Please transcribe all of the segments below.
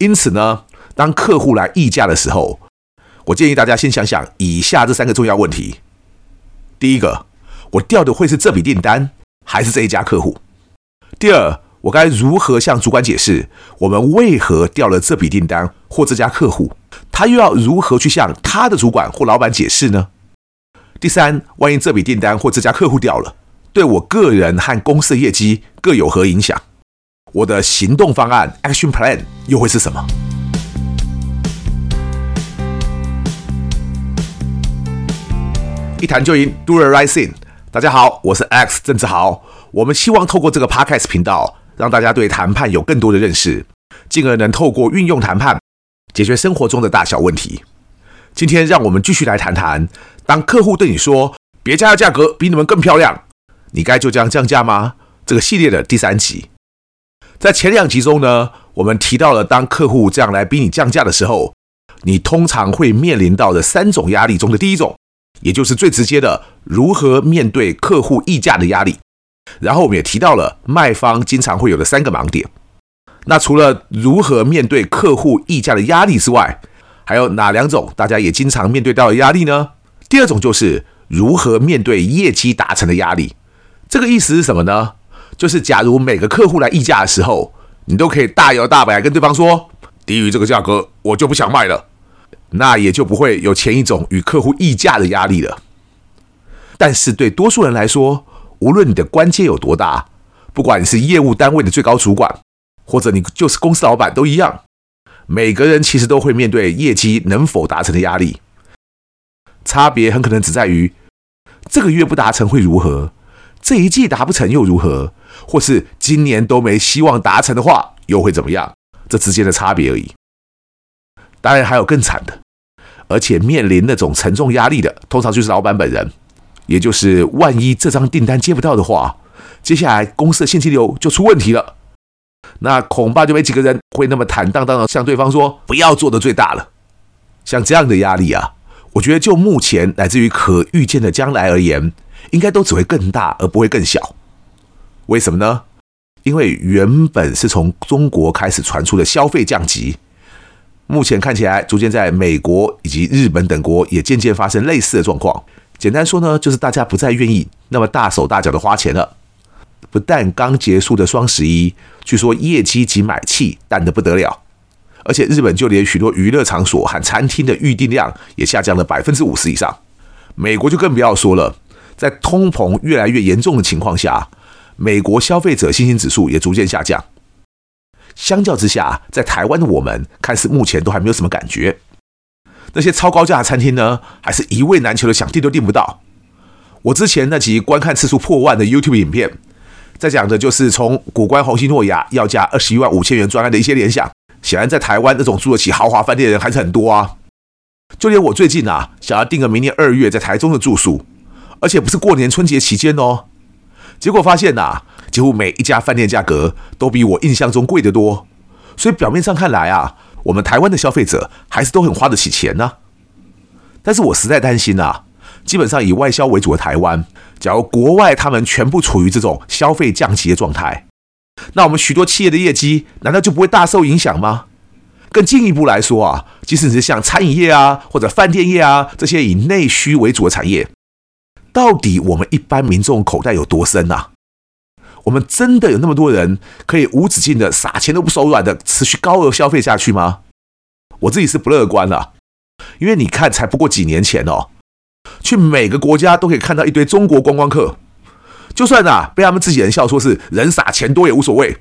因此呢，當客戶來議價的時候，我建議大家先想想以下這三個重要問題：第一個，我掉的會是這筆訂單，還是這一家客戶？第二，我該如何向主管解釋我們為何掉了這筆訂單或這家客戶？他又要如何去向他的主管或老闆解釋呢？第三，萬一這筆訂單或這家客戶掉了，對我個人和公司的業績各有何影響？我的行動方案 （Action Plan） 又會是什麼？一談就贏，Do the right thing。大家好，我是 Alex 鄭志豪。我們希望透過這個 Podcast 頻道，讓大家對談判有更多的認識，進而能透過運用談判解決生活中的大小問題。今天讓我們繼續來談談：當客戶對你說“別家的價格比你們更漂亮”，你該就這樣降價嗎？這個系列的第三集。在前兩集中呢，我們提到了當客戶這樣來逼你降價的時候，你通常會面臨到的三種壓力中的第一種，也就是最直接的如何面對客戶議價的壓力。然後我們也提到了賣方經常會有的三個盲點。那除了如何面對客戶議價的壓力之外，還有哪兩種大家也經常面對到的壓力呢？第二種就是如何面對業績達成的壓力。這個意思是什麼呢？就是，假如每個客戶來議價的時候，你都可以大搖大擺跟對方說：“低於這個價格，我就不想賣了。”那也就不會有前一種與客戶議價的壓力了。但是對多數人來說，無論你的官階有多大，不管你是業務單位的最高主管，或者你就是公司老闆都一樣，每個人其實都會面對業績能否達成的壓力。差別很可能只在於這個月不達成會如何。這一季達不成又如何？或是今年都沒希望達成的話，又會怎麼樣？這之間的差別而已。當然還有更慘的，而且面臨那種沉重壓力的，通常就是老板本人。也就是萬一這張訂單接不到的話，接下來公司的現金流就出問題了。那恐怕就沒幾個人會那麼坦蕩蕩地向對方說“不要做得最大了”。像這樣的壓力啊，我覺得就目前乃至於可預見的將來而言，應該都只會更大，而不會更小。為什麼呢？因為原本是從中國開始傳出的消費降級，目前看起來逐漸在美國以及日本等國也漸漸發生類似的狀況。簡單說呢，就是大家不再願意那麼大手大腳的花錢了。不但剛結束的雙十一，據說業績及買氣淡得不得了，而且日本就連許多娛樂場所和餐廳的預訂量也下降了百分之五十以上。美國就更不要說了。在通膨越來越嚴重的情況下，美國消費者信心指數也逐漸下降。相較之下，在台灣的我們，看似目前都還沒有什麼感覺。那些超高價的餐廳呢，還是一位難求的，想訂都訂不到。我之前那集觀看次數破萬的 YouTube 影片，在講的就是從谷關虹夕諾雅要價二十一萬五千元專案的一些聯想。顯然，在台灣這種住得起豪華飯店的人還是很多啊。就連我最近啊，想要訂個明年二月在台中的住宿。而且不是過年春節期間哦，結果發現啊，幾乎每一家飯店價格都比我印象中貴得多。所以表面上看來啊，我們台灣的消費者還是都很花得起錢呢。但是我實在擔心啊，基本上以外銷為主的台灣，假如國外他們全部處於這種消費降級的狀態，那我們許多企業的業績難道就不會大受影響嗎？更進一步來說啊，即使是像餐飲業啊或者飯店業啊這些以內需為主的產業。到底我們一般民眾口袋有多深吶、啊？我們真的有那麼多人可以無止境的撒錢都不手軟的持續高額消費下去嗎？我自己是不樂觀的，因為你看才不過幾年前哦，去每個國家都可以看到一堆中國觀光客，就算啊被他們自己人笑說是人傻錢多也無所謂，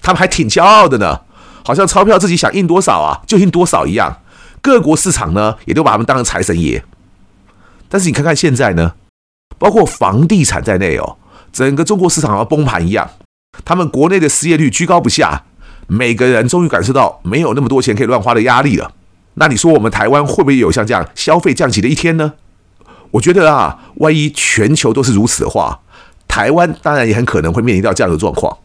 他們還挺驕傲的呢，好像鈔票自己想印多少啊就印多少一樣，各國市場呢也都把他們當成財神爺，但是你看看現在呢？包括房地產在內哦，整個中國市場要崩盤一樣，他們國內的失業率居高不下，每個人終於感受到沒有那麼多錢可以亂花的壓力了。那你說我們台灣會不會有像這樣消費降級的一天呢？我覺得啊，萬一全球都是如此的話，台灣當然也很可能會面臨到這樣的狀況。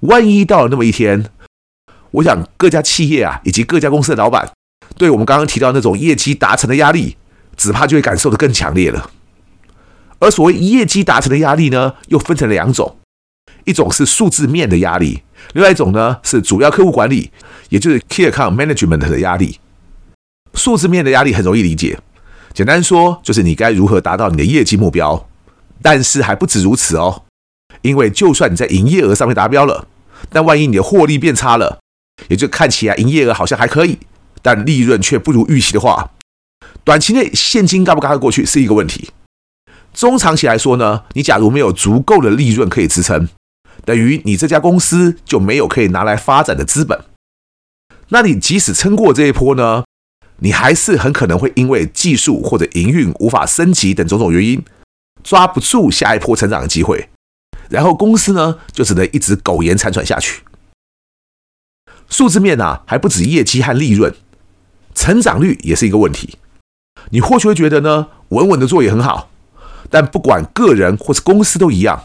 萬一到了那麼一天，我想各家企業啊，以及各家公司的老板，對我們剛剛提到那種業績達成的壓力，只怕就會感受得更強烈了。而所謂業績達成的壓力呢，又分成了兩種，一種是數字面的壓力，另外一種呢是主要客戶管理，也就是 key account management 的壓力。數字面的壓力很容易理解，簡單說就是你該如何達到你的業績目標。但是還不止如此哦，因為就算你在營業額上面達標了，但萬一你的獲利變差了，也就看起來營業額好像還可以，但利潤卻不如預期的話，短期內現金嘎不嘎得過去是一個問題。中長期來說呢，你假如沒有足夠的利潤可以支撐，等於你這家公司就沒有可以拿來發展的資本。那你即使撐過這一波呢，你還是很可能會因為技術或者營運無法升級等種種原因，抓不住下一波成長的機會。然後公司呢，就只能一直苟延殘喘下去。數字面啊，還不止業績和利潤，成長率也是一個問題。你或許會覺得呢，穩穩的做也很好。但不管個人或是公司都一樣，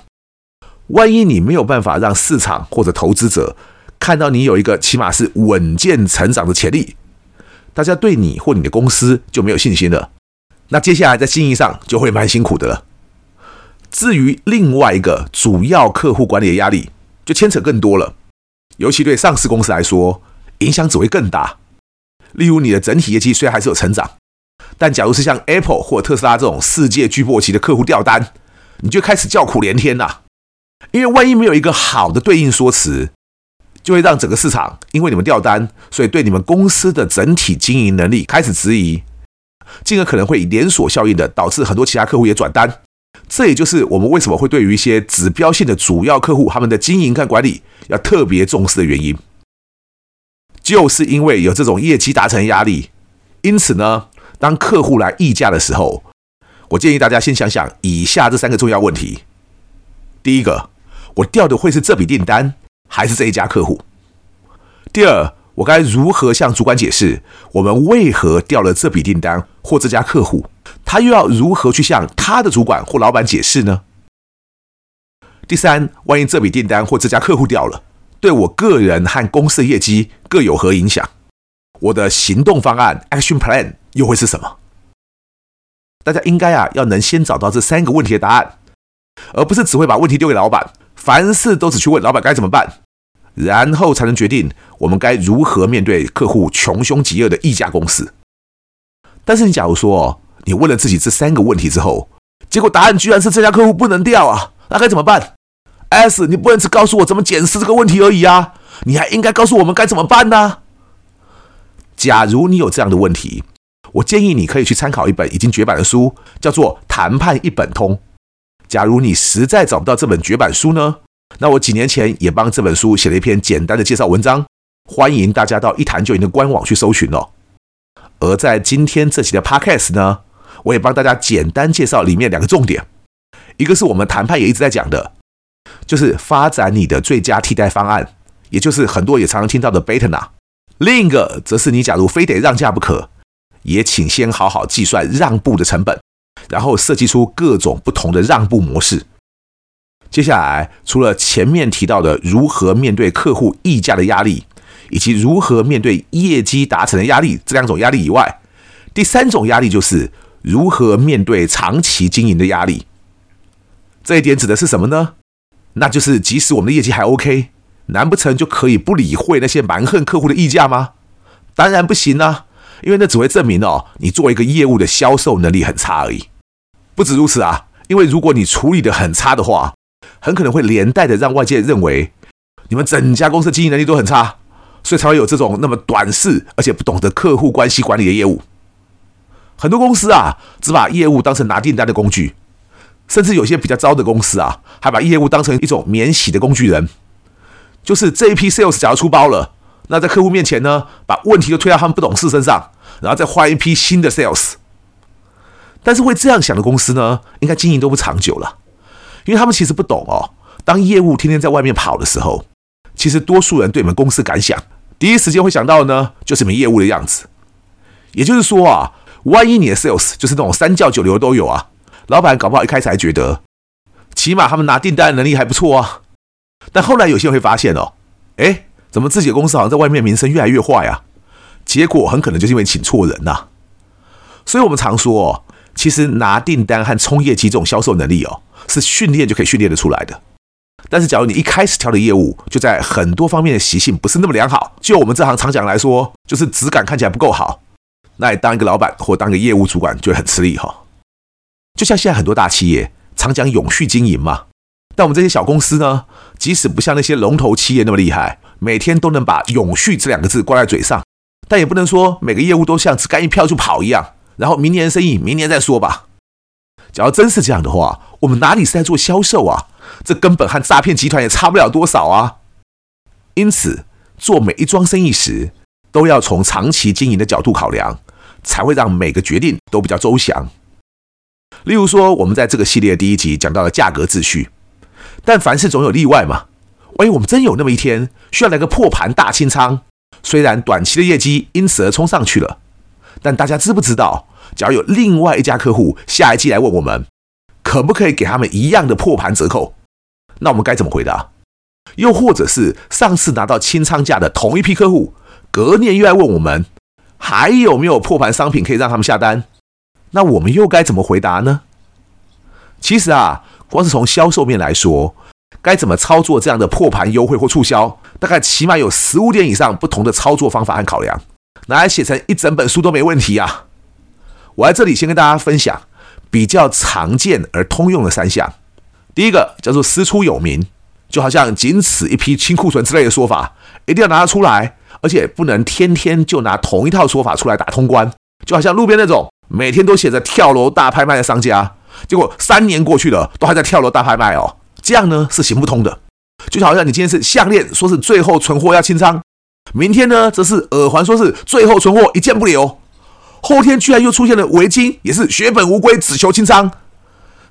萬一你沒有辦法讓市場或者投資者看到你有一個起碼是穩健成長的潛力，大家對你或你的公司就沒有信心了。那接下來在經營上就會蠻辛苦的了。至於另外一個主要客戶管理的壓力，就牽扯更多了，尤其對上市公司來說，影響只會更大。例如你的整體業績雖然還是有成長。但假如是像 Apple 或特斯拉這種世界巨擘級的客戶掉單，你就開始叫苦連天吶、啊！因為萬一沒有一個好的對應說辭，就會讓整個市場因為你們掉單，所以對你們公司的整體經營能力開始質疑，進而可能會以連鎖效應的導致很多其他客戶也轉單。這也就是我們為什麼會對於一些指標性的主要客戶，他們的經營跟管理要特別重視的原因，就是因為有這種業績達成壓力，因此呢。當客戶來議價的時候，我建議大家先想想以下這三個重要問題：第一個，我掉的會是這筆訂單，還是這一家客戶？第二，我該如何向主管解釋我們為何掉了這筆訂單或這家客戶？他又要如何去向他的主管或老闆解釋呢？第三，萬一這筆訂單或這家客戶掉了，對我個人和公司的業績各有何影響？我的行動方案 （action plan） 又會是什麼？大家應該啊，要能先找到這三個問題的答案，而不是只會把問題丟給老闆，凡事都只去問老闆該怎麼辦，然後才能決定我們該如何面對客戶窮凶極惡的議價攻勢。但是你假如說哦，你問了自己這三個問題之後，結果答案居然是這家客戶不能掉啊，那該怎麼辦？S，你不能只告訴我怎麼檢視這個問題而已啊，你還應該告訴我們該怎麼辦呢、啊？假如你有這樣的問題，我建議你可以去參考一本已經絕版的書，叫做《談判一本通》。假如你實在找不到這本絕版書呢，那我幾年前也幫這本書寫了一篇簡單的介紹文章，歡迎大家到一談就贏的官網去搜尋哦。而在今天這期的 Podcast 呢，我也幫大家簡單介紹裡面兩個重點，一個是我們談判也一直在講的，就是發展你的最佳替代方案，也就是很多也常常聽到的 BATNA 吶。另一個則是，你假如非得讓價不可，也請先好好計算讓步的成本，然後設計出各種不同的讓步模式。接下來，除了前面提到的如何面對客戶議價的壓力，以及如何面對業績達成的壓力這兩種壓力以外，第三種壓力就是如何面對長期經營的壓力。這一點指的是什麼呢？那就是即使我們的業績還 OK。難不成就可以不理會那些蠻橫客戶的議價嗎？當然不行啊！因為那只會證明哦，你做一個業務的銷售能力很差而已。不止如此啊，因為如果你處理的很差的話，很可能會連帶的讓外界認為你們整家公司經營能力都很差，所以才會有這種那麼短視而且不懂得客戶關係管理的業務。很多公司啊，只把業務當成拿訂單的工具，甚至有些比較糟的公司啊，還把業務當成一種免洗的工具人。就是這一批 sales 假如出包了，那在客戶面前呢，把問題都推到他們不懂事身上，然後再換一批新的 sales。但是會這樣想的公司呢，應該經營都不長久了，因為他們其實不懂哦。當業務天天在外面跑的時候，其實多數人對你們公司感想，第一時間會想到的呢，就是你們業務的樣子。也就是說啊，萬一你的 sales 就是那種三教九流的都有啊，老闆搞不好一開始還覺得，起碼他們拿訂單能力還不錯啊。但後來有些人會發現哦，哎，怎麼自己的公司好像在外面名聲越來越壞啊？結果很可能就是因為請錯人吶。所以我們常說哦，其實拿訂單和衝業績這種銷售能力哦，是訓練就可以訓練得出來的。但是假如你一開始挑的業務就在很多方面的習性不是那麼良好，就我們這行常講來說，就是質感看起來不夠好，那你當一個老闆或當個業務主管就會很吃力哦。就像現在很多大企業常講永續經營嘛。但我們這些小公司呢，即使不像那些龍頭企業那麼厲害，每天都能把“永續”這兩個字掛在嘴上，但也不能說每個業務都像只幹一票就跑一樣，然後明年的生意明年再說吧。假如真是這樣的話，我們哪裡是在做銷售啊？這根本和詐騙集團也差不了多少啊！因此，做每一樁生意時，都要從長期經營的角度考量，才會讓每個決定都比較周詳。例如說，我們在這個系列第一集講到了價格秩序。但凡事總有例外嘛，萬一我們真有那麼一天需要來個破盤大清倉，雖然短期的業績因此而衝上去了，但大家知不知道，只要有另外一家客戶下一季來問我們，可不可以給他們一樣的破盤折扣，那我們該怎麼回答？又或者是上次拿到清倉價的同一批客戶，隔年又來問我們還有沒有破盤商品可以讓他們下單，那我們又該怎麼回答呢？其實啊。光是從銷售面來說，該怎麼操作這樣的破盤優惠或促銷？大概起碼有十五點以上不同的操作方法和考量，拿來寫成一整本書都沒問題呀。我在這裡先跟大家分享比較常見而通用的三項。第一個叫做“師出有名”，就好像僅此一批清庫存之類的說法，一定要拿得出來，而且不能天天就拿同一套說法出來打通關，就好像路邊那種每天都寫着跳樓大拍賣的商家。結果三年過去了，都還在跳樓大拍賣哦，這樣呢是行不通的。就好像你今天是項鏈，說是最後存貨要清倉；明天呢則是耳環，說是最後存貨一件不留；後天居然又出現了圍巾，也是血本無歸，只求清倉。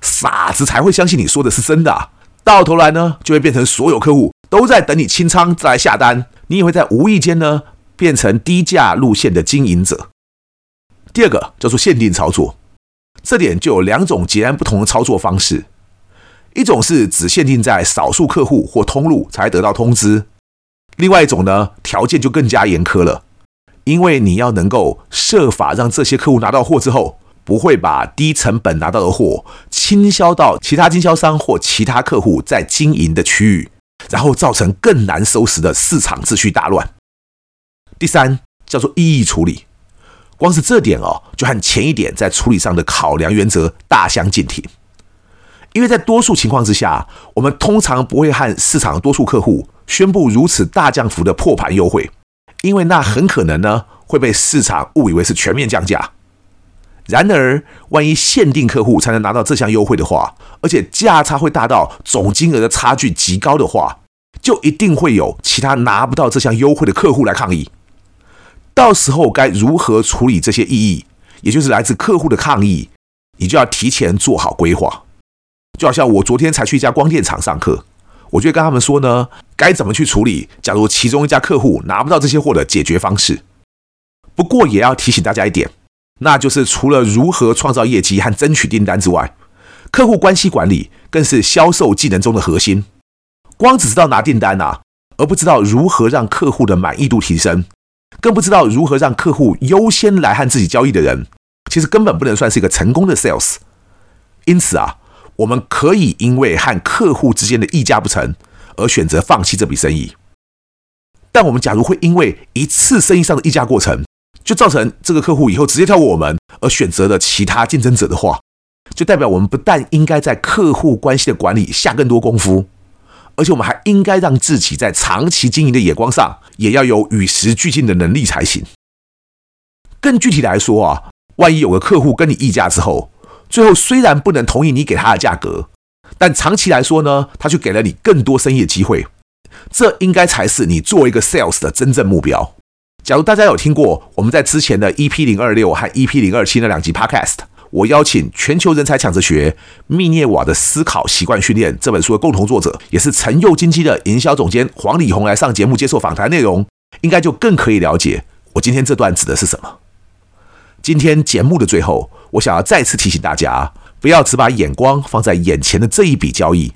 傻子才會相信你說的是真的啊。到頭來呢，就會變成所有客戶都在等你清倉再來下單，你也會在無意間呢變成低價路線的經營者。第二個叫做限定操作。這點就有兩種截然不同的操作方式，一種是只限定在少數客戶或通路才得到通知，另外一種呢條件就更加嚴苛了，因為你要能夠設法讓這些客戶拿到貨之後，不會把低成本拿到的貨傾銷到其他經銷商或其他客戶在經營的區域，然後造成更難收拾的市場秩序大亂。第三叫做異議處理。光是這點哦，就和前一點在處理上的考量原則大相徑庭，因為在多數情況之下，我們通常不會和市場多數客戶宣布如此大降幅的破盤優惠，因為那很可能呢，會被市場誤以為是全面降價。然而，萬一限定客戶才能拿到這項優惠的話，而且價差會大到總金額的差距極高的話，就一定會有其他拿不到這項優惠的客戶來抗議。到時候該如何處理這些異議，也就是來自客戶的抗議，你就要提前做好規劃。就好像我昨天才去一家光電廠上課，我就跟他們說呢，該怎麼去處理。假如其中一家客戶拿不到這些貨的解決方式。不過也要提醒大家一點，那就是除了如何創造業績和爭取訂單之外，客戶關係管理更是銷售技能中的核心。光只知道拿訂單吶、啊，而不知道如何讓客戶的滿意度提升。更不知道如何讓客戶優先來和自己交易的人，其實根本不能算是一個成功的 sales。因此啊，我們可以因為和客戶之間的議價不成而選擇放棄這筆生意。但我們假如會因為一次生意上的議價過程，就造成這個客戶以後直接跳過我們而選擇了其他競爭者的話，就代表我們不但應該在客戶關係的管理下更多功夫，而且我們還應該讓自己在長期經營的眼光上，也要有與時俱進的能力才行。更具體來說啊，萬一有個客戶跟你議價之後，最後雖然不能同意你給他的價格，但長期來說呢，他卻給了你更多生意的機會。這應該才是你做一個 sales 的真正目標。假如大家有聽過我們在之前的 EP 零二六和 EP 零二七那兩集 podcast。我邀請全球人才搶着學《密涅瓦的思考習慣訓練》這本書的共同作者，也是陳佑金雞的營銷總監黃禮宏來上節目接受訪談。內容應該就更可以了解我今天這段指的是什麼。今天節目的最後，我想要再次提醒大家，不要只把眼光放在眼前的這一筆交易，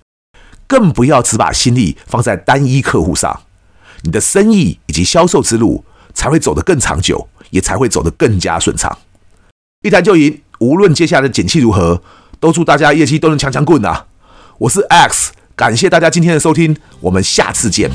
更不要只把心力放在單一客戶上，你的生意以及銷售之路才會走得更長久，也才會走得更加順暢。一談就贏。無論接下來的景氣如何，都祝大家業績都能強強滾啊！我是 Alex，感謝大家今天的收聽，我們下次見。